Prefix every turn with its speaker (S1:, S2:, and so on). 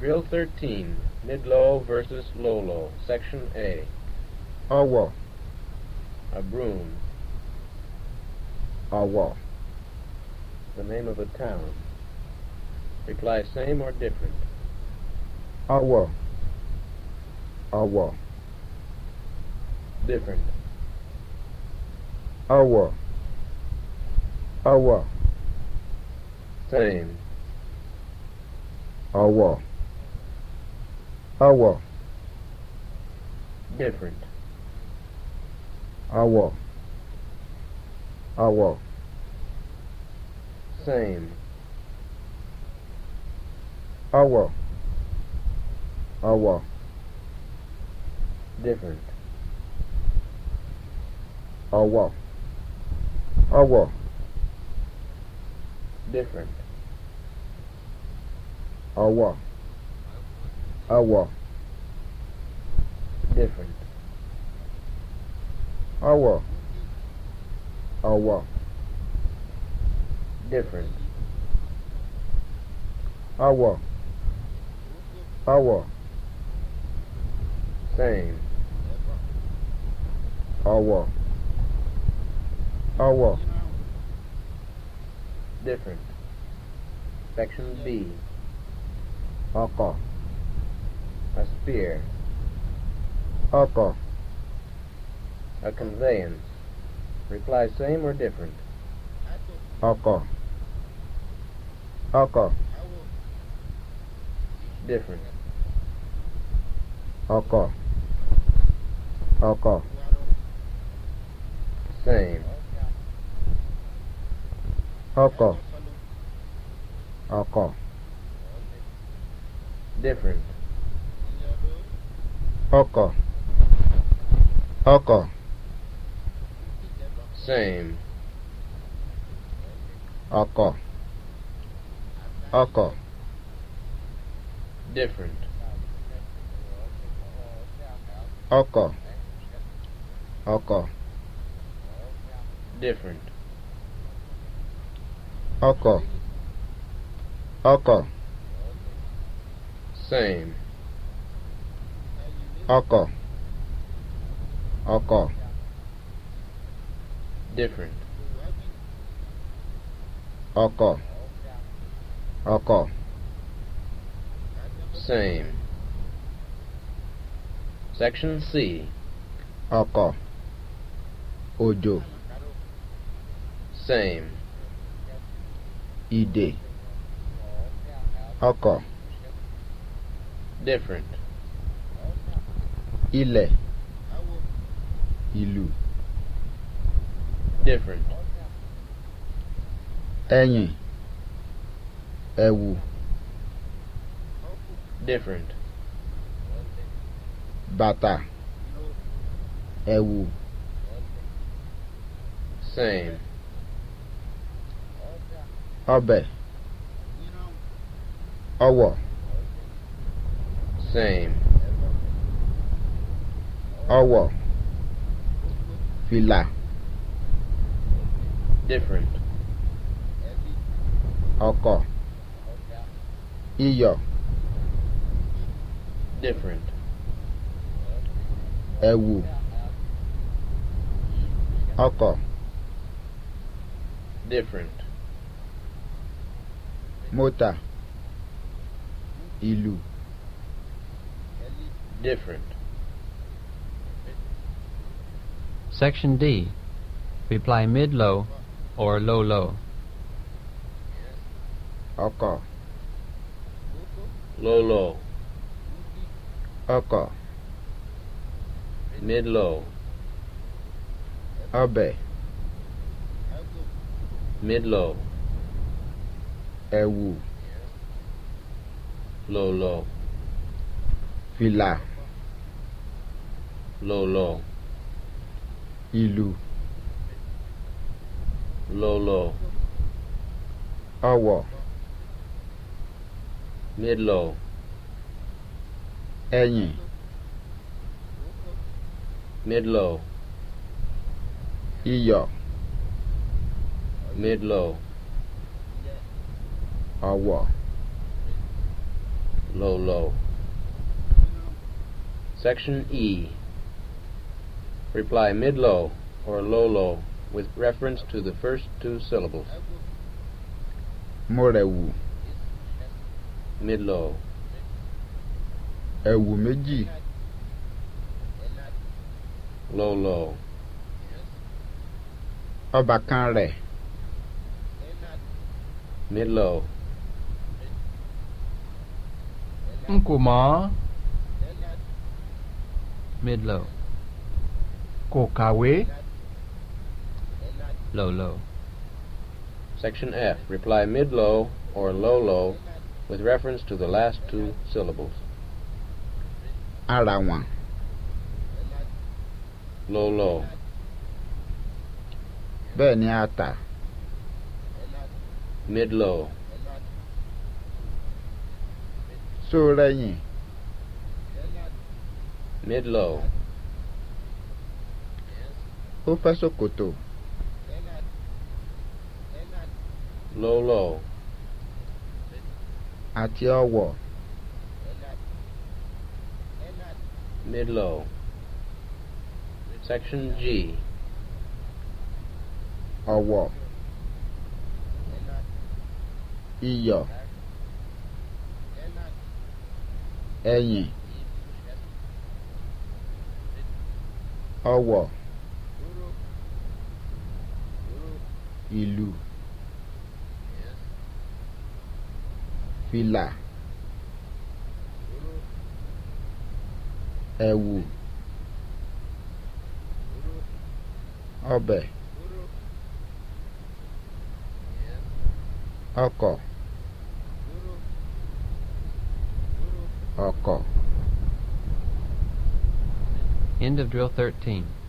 S1: Drill 13, mid-low versus low-low, Section A. Ọwọ̀. A broom. Ọwọ̀. The name of a town. Reply same or different.
S2: Ọwọ̀. Ọwọ̀. Different. Ọwọ̀. Ọwọ̀. Same. Ọwọ̀. Awa. Different. Awa. Awa. Same. Awa. Awa. Different. Awa. Awa. Different. Awa our different our our different our our same our our
S1: different section B Okay. A spear. Opo. A conveyance. Reply same or different.
S2: Oko. Oko. Different. Oko. Oko. Same. Oko. Oko. Different. Oko.
S3: Oko. Same. Oko. Oko. Different. Oko. Oko. Different. Oko. Oko. Same. Ọkọ̀. Ọkọ̀. Different. Ọkọ̀. Ọkọ̀. Same. Section C. Ọkọ̀. Òjò. Same. Ìdè. Ọkọ̀. Different. ilẹ̀ ìlù different ẹ̀yìn ẹ̀wù different bàtà ẹ̀wù same ọbẹ̀ ọwọ̀ same. Our villa different. ọkọ̀ iyọ̀. different. ẹ̀wù ọkọ̀. different. mọ́tà ìlú.
S1: different. Section D. Reply mid-low or low-low. Oko. Low-low.
S3: Oko. Mid-low. Abe. Mid-low. Ewu. Low-low. Villa. Low-low ìlú. lọ́lọ́. àwọ̀. mélòó. ẹ̀yìn. mélòó. iyọ̀. mélòó. àwọ̀.
S1: Low, Section E. Reply mid-low or low-low with reference to the first two syllables.
S3: Mọ́ra ewu. Mid-low. Ewu méjì. Low-low. obakan rẹ̀. Mid-low. N
S1: mọ̀. Mid-low kò kàwé. Low low. Section F. Reply mid low or low low with reference to the last two syllables.
S3: Ara Low low. Beniata. Mid low. Sórẹ́yìn. Mid low o Koto. fẹ́ ṣòkòtò. lọ́lọ́. àti ọwọ́. mid-low. Section G. ọwọ́. iyọ̀. ẹ̀yìn. ọwọ́. ìlù fìlà ẹ̀wù ọbẹ̀ ọkọ̀ ọkọ̀. End of drill
S2: 13.